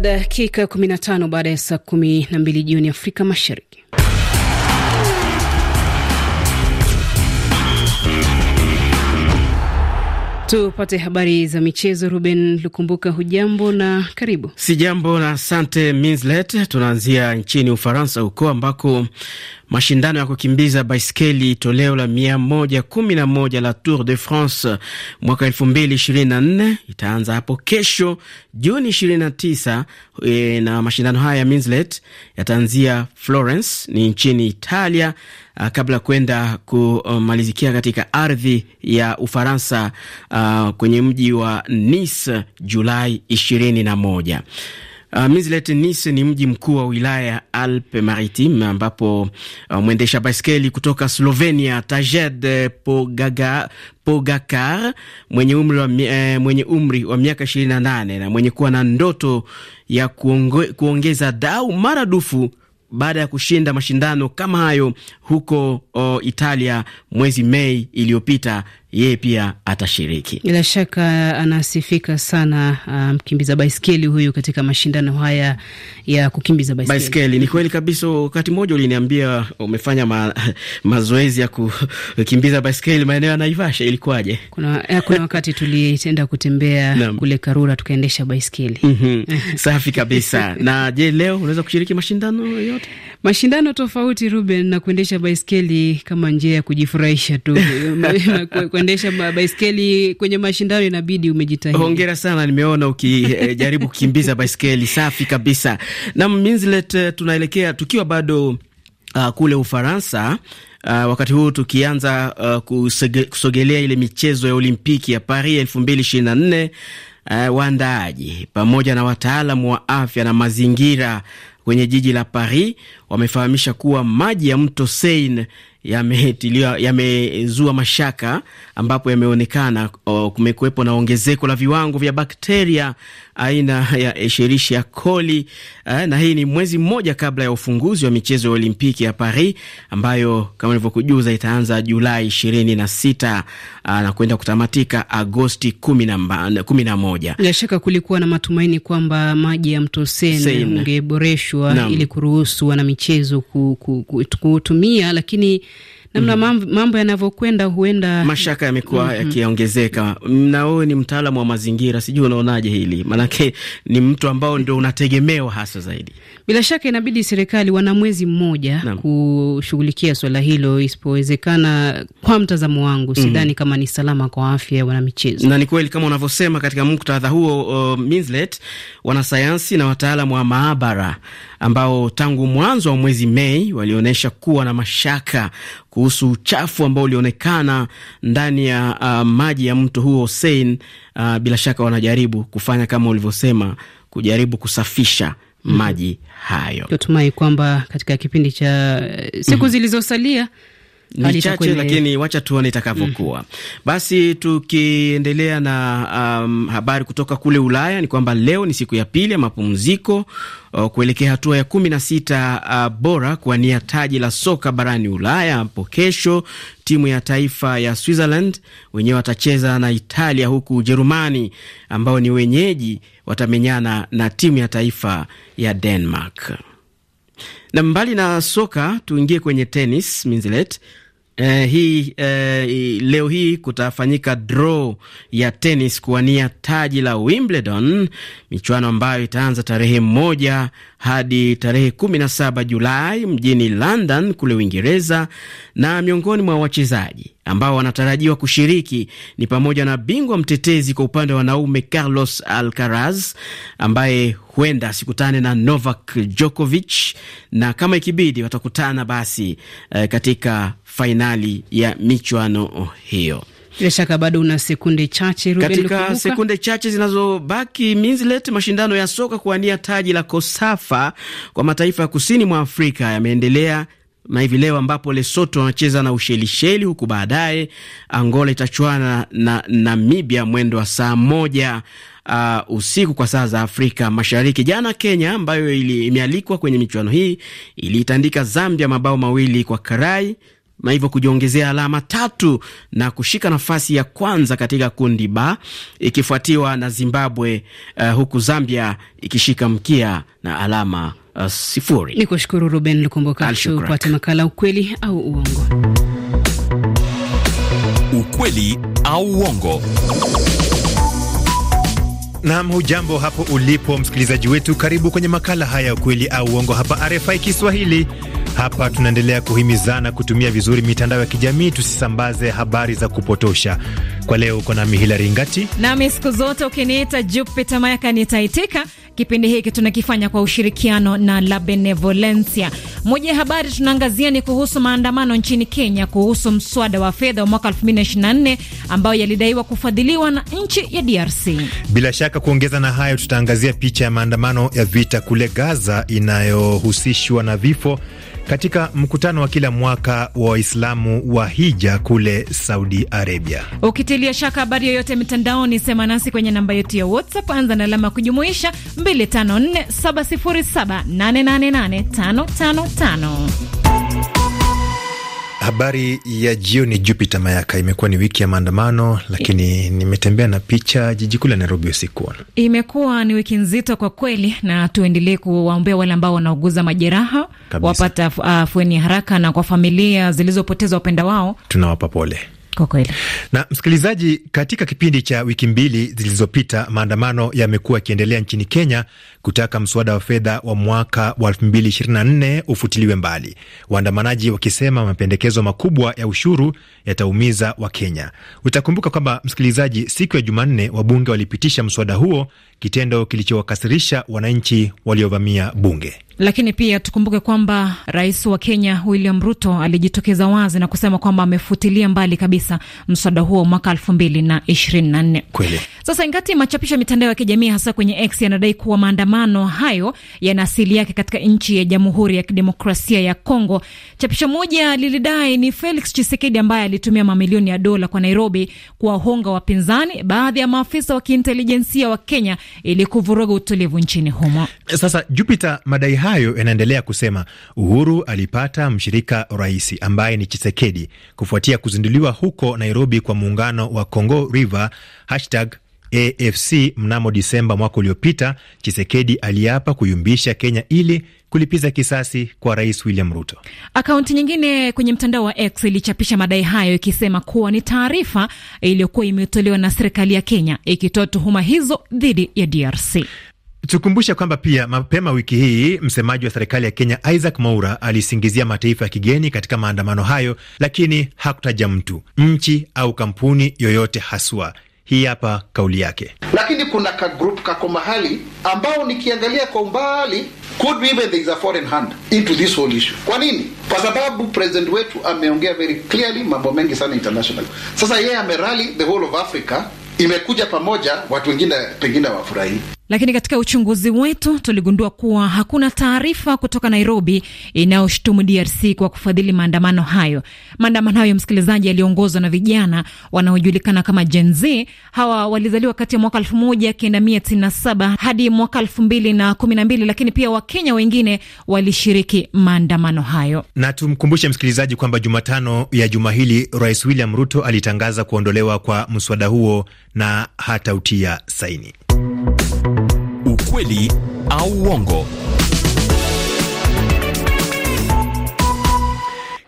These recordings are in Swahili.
Dakika 15 baada ya saa 12 jioni Afrika Mashariki. Tupate habari za michezo. Ruben Lukumbuka, hujambo na karibu. Si jambo na asante Minslet. Tunaanzia nchini Ufaransa huko ambako Mashindano ya kukimbiza baiskeli toleo la 111 la Tour de France mwaka 2024 itaanza hapo kesho Juni 29, e, na mashindano haya ya Minslet yataanzia Florence ni nchini Italia a, kabla kwenda kumalizikia katika ardhi ya Ufaransa a, kwenye mji wa Nice Julai 21. Uh, ah, Mislet, Nice ni mji mkuu wa wilaya ya Alpe Maritime ambapo uh, mwendesha baiskeli kutoka Slovenia Tajed eh, Pogaga, Pogakar mwenye umri wa, eh, mwenye umri wa miaka 28 na mwenye kuwa na ndoto ya kuonge, kuongeza dau maradufu baada ya kushinda mashindano kama hayo huko o, oh, Italia mwezi Mei iliyopita yeye pia atashiriki. Bila shaka anasifika sana uh, mkimbiza um, baiskeli huyu katika mashindano haya ya kukimbiza baiskeli. Baiskeli ni kweli kabisa. Wakati mmoja uliniambia umefanya ma, mazoezi ya kukimbiza baiskeli maeneo ya Naivasha, ilikuwaje? Kuna, eh, kuna wakati tulienda kutembea kule Karura tukaendesha baiskeli mm -hmm. Safi kabisa na je, leo unaweza kushiriki mashindano yote? Mashindano tofauti Ruben, na kuendesha baiskeli kama njia ya kujifurahisha tu kuendesha baiskeli kwenye mashindano inabidi umejitahidi. Hongera sana, nimeona ukijaribu kukimbiza baiskeli safi kabisa. Na Minzilet, eh, tunaelekea tukiwa bado uh, kule Ufaransa. Uh, wakati huu tukianza uh, kusege, kusogelea ile michezo ya Olimpiki ya Paris elfu mbili ishirini na nne uh, waandaaji pamoja na wataalamu wa afya na mazingira kwenye jiji la Paris wamefahamisha kuwa maji ya mto Seine yametiliwa yamezua mashaka ambapo yameonekana oh, kumekuwepo na ongezeko la viwango vya bakteria aina ya Esherishi ya Koli, eh, na hii ni mwezi mmoja kabla ya ufunguzi wa michezo ya Olimpiki ya Paris ambayo kama nilivyokujuza itaanza Julai 26 na ah, na kwenda kutamatika Agosti 11. Bila shaka kulikuwa na matumaini kwamba maji ya mto Seine ungeboreshwa ili kuruhusu wana michezo kutumia, lakini namna mm -hmm. mambo yanavyokwenda huenda mashaka yamekuwa mm -hmm. yakiongezeka. Na wewe ni mtaalamu wa mazingira, sijui unaonaje hili, maanake ni mtu ambao ndio unategemewa hasa zaidi. Bila shaka inabidi serikali wana mwezi mmoja kushughulikia swala hilo, isipowezekana, kwa mtazamo wangu mm -hmm. sidhani kama ni salama kwa afya ya wanamichezo. Na ni kweli kama unavyosema katika muktadha huo, uh, Minslet, wanasayansi na wataalamu wa maabara ambao tangu mwanzo wa mwezi Mei walionyesha kuwa na mashaka kuhusu uchafu ambao ulionekana ndani ya uh, maji ya mto huo Hussein. Uh, bila shaka wanajaribu kufanya kama ulivyosema, kujaribu kusafisha mm-hmm. maji hayo. Tunatumai kwamba katika kipindi cha uh, siku mm -hmm. zilizosalia ni chache lakini wacha tuone itakavyokuwa. Mm. Basi tukiendelea na um, habari kutoka kule Ulaya ni kwamba leo ni siku ya pili ya mapumziko uh, kuelekea hatua ya kumi na sita uh, bora kuwania taji la soka barani Ulaya. Hapo kesho timu ya taifa ya Switzerland wenyewe watacheza na Italia, huku Ujerumani ambao ni wenyeji watamenyana na timu ya taifa ya Denmark. Na mbali na soka tuingie kwenye tenis minzilet. Eh, hii eh, leo hii kutafanyika draw ya tenis kuwania taji la Wimbledon, michuano ambayo itaanza tarehe moja hadi tarehe kumi na saba Julai mjini London kule Uingereza. Na miongoni mwa wachezaji ambao wanatarajiwa kushiriki ni pamoja na bingwa mtetezi kwa upande wa wanaume Carlos Alcaraz ambaye huenda asikutane na Novak Djokovic, na kama ikibidi watakutana basi eh, katika fainali ya michuano hiyo. Bila shaka bado una sekunde chache Ruben, katika lukubuka. Sekunde chache zinazobaki minzlet, mashindano ya soka kuwania taji la Kosafa kwa mataifa ya kusini mwa Afrika yameendelea na hivi leo ambapo Lesoto wanacheza na Ushelisheli, huku baadaye Angola itachuana na Namibia mwendo wa saa moja uh, usiku kwa saa za Afrika Mashariki. Jana Kenya ambayo imealikwa kwenye michuano hii iliitandika Zambia mabao mawili kwa karai na hivyo kujiongezea alama tatu na kushika nafasi ya kwanza katika kundi ba ikifuatiwa na Zimbabwe uh, huku Zambia ikishika mkia na alama uh, sifuri. Ni kushukuru Ruben Lukumbuka. Tupate makala ukweli au uongo. Ukweli au uongo. Nam, hujambo hapo ulipo msikilizaji wetu, karibu kwenye makala haya ukweli au uongo hapa RFI Kiswahili. Hapa tunaendelea kuhimizana kutumia vizuri mitandao ya kijamii, tusisambaze habari za kupotosha. Kwa leo uko nami Hilari Ngati, nami siku zote ukiniita Jupita Mayaka nitaitika. Kipindi hiki tunakifanya kwa ushirikiano na La Benevolencia. Moja ya habari tunaangazia ni kuhusu maandamano nchini Kenya kuhusu mswada wa fedha wa mwaka 2024 ambayo yalidaiwa kufadhiliwa na nchi ya DRC. Bila shaka kuongeza na hayo, tutaangazia picha ya maandamano ya vita kule Gaza inayohusishwa na vifo katika mkutano wa kila mwaka wa Waislamu wa hija kule Saudi Arabia. Ukitilia shaka habari yoyote mitandaoni, sema nasi kwenye namba yetu ya WhatsApp, anza na alama kujumuisha 254707888555 Habari ya jioni. Jupiter Mayaka, imekuwa ni wiki ya maandamano, lakini nimetembea na picha jiji kuu la Nairobi usiku. Imekuwa ni wiki nzito kwa kweli, na tuendelee kuwaombea wale ambao wanauguza majeraha wapata ah, afueni uh, haraka, na kwa familia zilizopoteza wapenda wao tunawapa pole kwa kweli. Na msikilizaji, katika kipindi cha wiki mbili zilizopita maandamano yamekuwa yakiendelea nchini Kenya kutaka mswada wa fedha wa mwaka wa 2024 ufutiliwe mbali, waandamanaji wakisema mapendekezo makubwa ya ushuru yataumiza Wakenya. Utakumbuka kwamba msikilizaji, siku ya Jumanne wabunge walipitisha mswada huo, kitendo kilichowakasirisha wananchi waliovamia bunge. Lakini pia tukumbuke kwamba rais wa Kenya William Ruto alijitokeza wazi na kusema kwamba amefutilia mbali kabisa mswada huo mwaka elfu mbili na ishirini na nne. Kweli sasa, ingati machapisho ya mitandao ya kijamii hasa kwenye X yanadai kuwa maandamano maandamano hayo yana asili yake katika nchi ya Jamhuri ya Kidemokrasia ya Kongo. Chapisho moja lilidai ni Felix chisekedi ambaye alitumia mamilioni ya dola kwa Nairobi kuwahonga wapinzani, baadhi ya maafisa wa kiintelijensia wa Kenya ili kuvuruga utulivu nchini humo. Sasa Jupiter, madai hayo yanaendelea kusema Uhuru alipata mshirika rais ambaye ni chisekedi kufuatia kuzinduliwa huko Nairobi kwa muungano wa Congo River hashtag AFC mnamo Disemba mwaka uliopita, Chisekedi aliapa kuyumbisha Kenya ili kulipiza kisasi kwa Rais William Ruto. Akaunti nyingine kwenye mtandao wa X ilichapisha madai hayo ikisema kuwa ni taarifa iliyokuwa imetolewa na serikali ya Kenya ikitoa tuhuma hizo dhidi ya DRC. Tukumbushe kwamba pia mapema wiki hii msemaji wa serikali ya Kenya Isaac moura alisingizia mataifa ya kigeni katika maandamano hayo, lakini hakutaja mtu, nchi au kampuni yoyote haswa. Hii hapa kauli yake. Lakini kuna ka group kako mahali ambao nikiangalia kwa umbali could be even there is a foreign hand into this whole issue. Kwa nini? Kwa sababu president wetu ameongea very clearly mambo mengi sana international. Sasa yeye amerally the whole of Africa imekuja pamoja, watu wengine pengine wafurahii. Lakini katika uchunguzi wetu tuligundua kuwa hakuna taarifa kutoka Nairobi inayoshutumu DRC kwa kufadhili maandamano hayo. Maandamano hayo, msikilizaji, yaliongozwa na vijana wanaojulikana kama Gen Z. Hawa walizaliwa kati ya mwaka 1997 hadi mwaka 2012, lakini pia Wakenya wengine walishiriki maandamano hayo. Na tumkumbushe msikilizaji kwamba Jumatano ya juma hili Rais William Ruto alitangaza kuondolewa kwa mswada huo na hatautia saini ukweli au uongo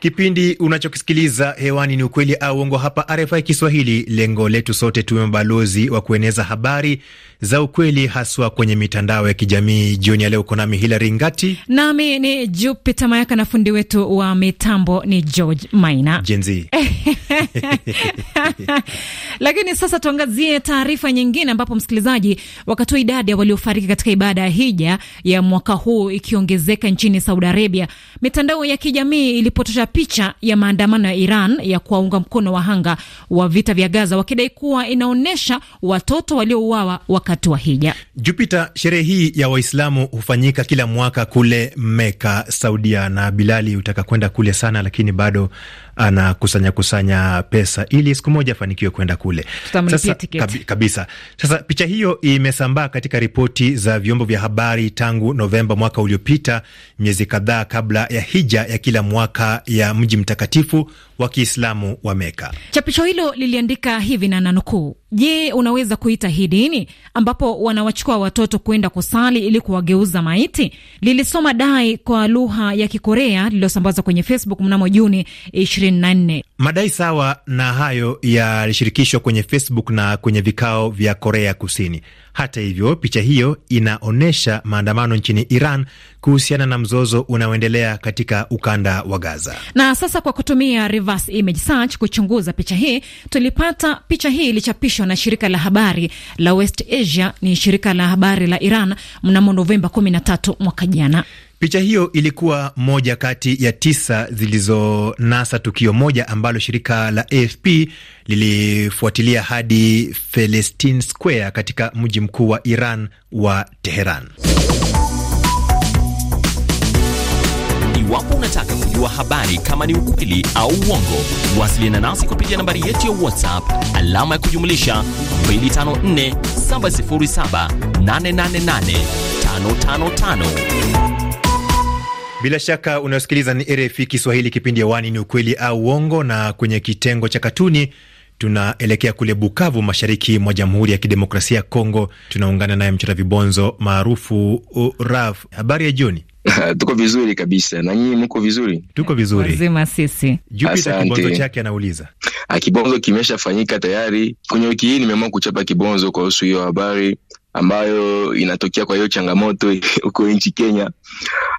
Kipindi unachokisikiliza hewani ni Ukweli au Uongo hapa RFI Kiswahili. Lengo letu sote tuwe mabalozi wa kueneza habari za ukweli, haswa kwenye mitandao ya kijamii. Jioni ya leo uko nami Hilary Ngati, nami ni Jupita Mayaka na fundi wetu wa mitambo ni George Maina Jenzi. Lakini sasa tuangazie taarifa nyingine, ambapo msikilizaji, wakati idadi ya waliofariki katika ibada ya hija ya mwaka huu ikiongezeka nchini Saudi Arabia, mitandao ya kijamii ilipotosha picha ya maandamano ya Iran ya kuwaunga mkono wahanga wa vita vya Gaza, wakidai kuwa inaonyesha watoto waliouawa wakati wa hija. Jupiter, sherehe hii ya Waislamu hufanyika kila mwaka kule Meka, Saudia, na Bilali utaka kwenda kule sana, lakini bado anakusanya kusanya pesa ili siku moja afanikiwe kwenda kule. Sasa, kabisa. Sasa picha hiyo imesambaa katika ripoti za vyombo vya habari tangu Novemba mwaka uliopita, miezi kadhaa kabla ya hija ya kila mwaka ya mji mtakatifu wa Kiislamu wa Meka. Chapisho hilo liliandika hivi na nanukuu Je, unaweza kuita hii dini ambapo wanawachukua watoto kwenda kusali ili kuwageuza maiti? Lilisoma dai kwa lugha ya Kikorea lililosambazwa kwenye Facebook mnamo Juni 24. Madai sawa na hayo yalishirikishwa kwenye Facebook na kwenye vikao vya Korea Kusini. Hata hivyo, picha hiyo inaonyesha maandamano nchini Iran kuhusiana na mzozo unaoendelea katika ukanda wa Gaza. Na sasa kwa kutumia reverse image search kuchunguza picha hii, tulipata picha hii ilichapishwa na shirika la habari la West Asia, ni shirika la habari la Iran mnamo Novemba 13 mwaka jana. Picha hiyo ilikuwa moja kati ya tisa zilizonasa tukio moja ambalo shirika la AFP lilifuatilia hadi Felestine Square katika mji mkuu wa Iran wa Teheran. Iwapo unataka kujua habari kama ni ukweli au uongo, wasiliana nasi kupitia nambari yetu ya WhatsApp alama ya kujumlisha 254 707 888 555. Bila shaka unayosikiliza ni RFI Kiswahili, kipindi hewani ni ukweli au uongo, na kwenye kitengo cha katuni tunaelekea kule Bukavu, mashariki mwa Jamhuri ya Kidemokrasia ya Kongo. Tunaungana naye mchora vibonzo maarufu uh, Raf. Habari ya jioni. Tuko vizuri kabisa, na nyinyi mko vizuri? Tuko vizuri, lazima sisi. Jupita kibonzo chake anauliza ah, kibonzo kimeshafanyika tayari. Kwenye wiki hii nimeamua kuchapa kibonzo kuhusu hiyo habari ambayo inatokea kwa hiyo changamoto huko nchi Kenya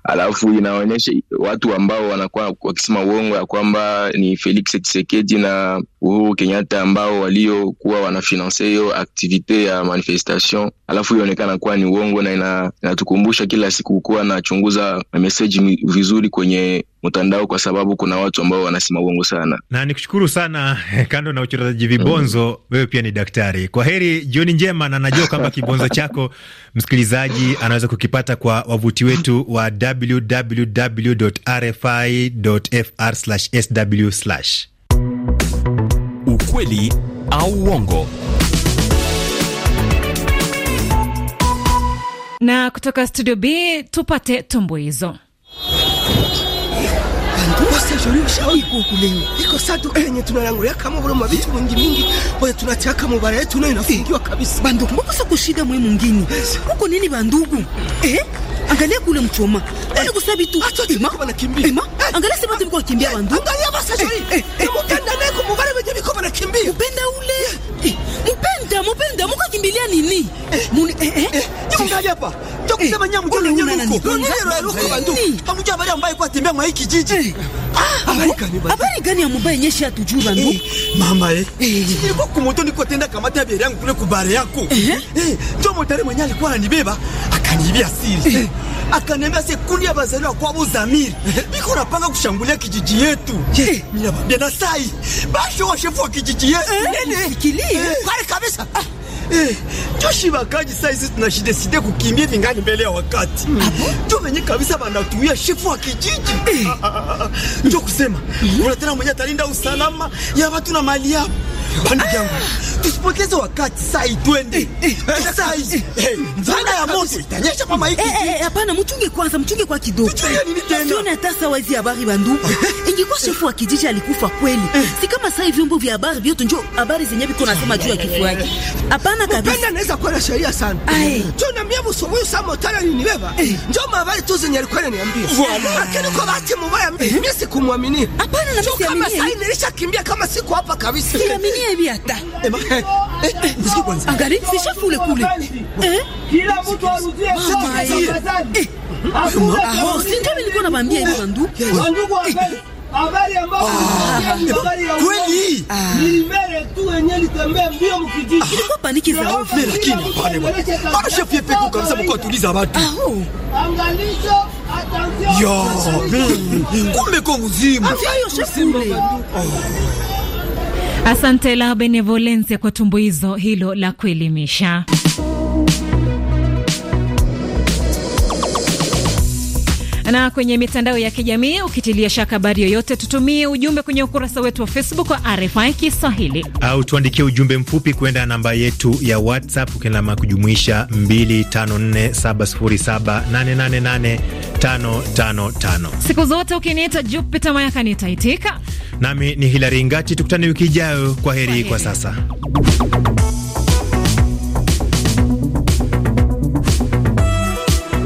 alafu inaonyesha watu ambao wanakuwa wakisema uongo ya kwamba ni Felix Tshisekedi na Uhuru Kenyatta ambao waliokuwa wanafinanse hiyo aktivite ya manifestation, alafu ionekana kuwa ni uongo, na inatukumbusha ina kila siku kuwa nachunguza meseji vizuri kwenye mtandao kwa sababu kuna watu ambao wanasema uongo sana. Na nikushukuru sana, eh, kando na uchezaji vibonzo mm, wewe pia ni daktari. Kwa heri, jioni njema, na najua kwamba kibonzo chako msikilizaji anaweza kukipata kwa wavuti wetu wa www.rfi.fr/sw. Ukweli au uongo. Na kutoka studio B tupate tumbo hizo. Sasa jori ushawahi kuokolewa. Iko sato enye tunarangulia kama bora mabitu mingi mingi. Oya tunatiaka mubara bara yetu nayo inafungiwa kabisa. Bandugu mbuku sasa kushida mwe mungini Huko nini bandugu? Eh? Angalia kule mchoma. Eh. Kule kusabi tu. Acha ima kimbi Ema? Eh. Angalia sema tu biko kimbia eh. bandugu. Angalia basa jori. Mutanda naye kumubara beje biko wanakimbia. Upenda ule. Unaongea nini? Eh, Muni eh eh. Jiungalia eh. eh, hapa. Cha kusema nyamu jolo nyolo huko. Nini leo leo kwa ndu. Hamjua habari ambayo kwa tembea mwa hiki jiji. Ah, ah, habari gani baba? Habari gani ambayo nyesha atujui bandu? Mama eh. Nilikuwa kumoto niko tenda kamata bibi yangu kule kubare yako. Eh. Ndio motari mwenye alikuwa ananibeba akaniibia siri. Akaniambia se kundi ya bazaliwa kwa Abu Zamir. Niko napanga kushambulia kijiji yetu. Ninawaambia na sai. Basho wa shefu wa kijiji yetu. Nene. Sikili. Kwani kabisa. Ah. Eh, Joshi bakaji saa hizi tunashideside kukimbia vingani mbele ya wakati mm. Tumenye kabisa banatuia shefu wa kijiji eh. Ah, ah, ah, njo kusema mm. Kuna tena mwenye atalinda usalama ya watu na mali yao Bandu yangu ah. Tusipoteze wakati saa hii twende eh, eh, eh, eh saa hii eh, eh. mvana ya moto itanyesha mama hiki eh, eh, hapana, mchunge kwanza, mchunge kwa kidogo. Mchunge nini tena? Sione hata saa hizi habari banduku ingekuwa shefu wa kijiji alikufa kweli, si kama saa hivi vyombo vya habari vyote njo habari zenyewe biko nasema juu ya kifo yake. Hapana sana kabisa. Mpenda anaweza kuwa na sheria sana. Tu Tuna miebu subuhi saa motara nilibeba. Njoo mabali tu zenye alikuwa ananiambia. Lakini kwa bahati mbaya mimi eh? sikumwamini. Hapana na mimi Kama sasa kimbia kama siku hapa kabisa. Siamini hivi hata. Usikie eh, eh, kwanza. Angalia sishafu ule kule. Kila mtu arudie kwa sasa. Ah, ndio nilikuwa namwambia hivi ndugu. Ndugu wa habari ambayo ah. kweli ah. tu wenye mbio mkijiji ah, kwa paniki za lakini pale bwana chef yepe kwa kabisa mko atuliza watu oh. angalisho hmm. kumbe kwa chef oh. Asante la benevolencia kwa tumbo hizo hilo la kuelimisha. na kwenye mitandao ya kijamii. Ukitilia shaka habari yoyote, tutumie ujumbe kwenye ukurasa wetu wa Facebook wa RFI Kiswahili au tuandikie ujumbe mfupi kwenda namba yetu ya WhatsApp ukialama kujumuisha 254707888555. Siku zote ukiniita Jupita Mayaka nitaitika. Nami ni Hilari Ngati, tukutane wiki ijayo. Kwa heri kwa, kwa sasa.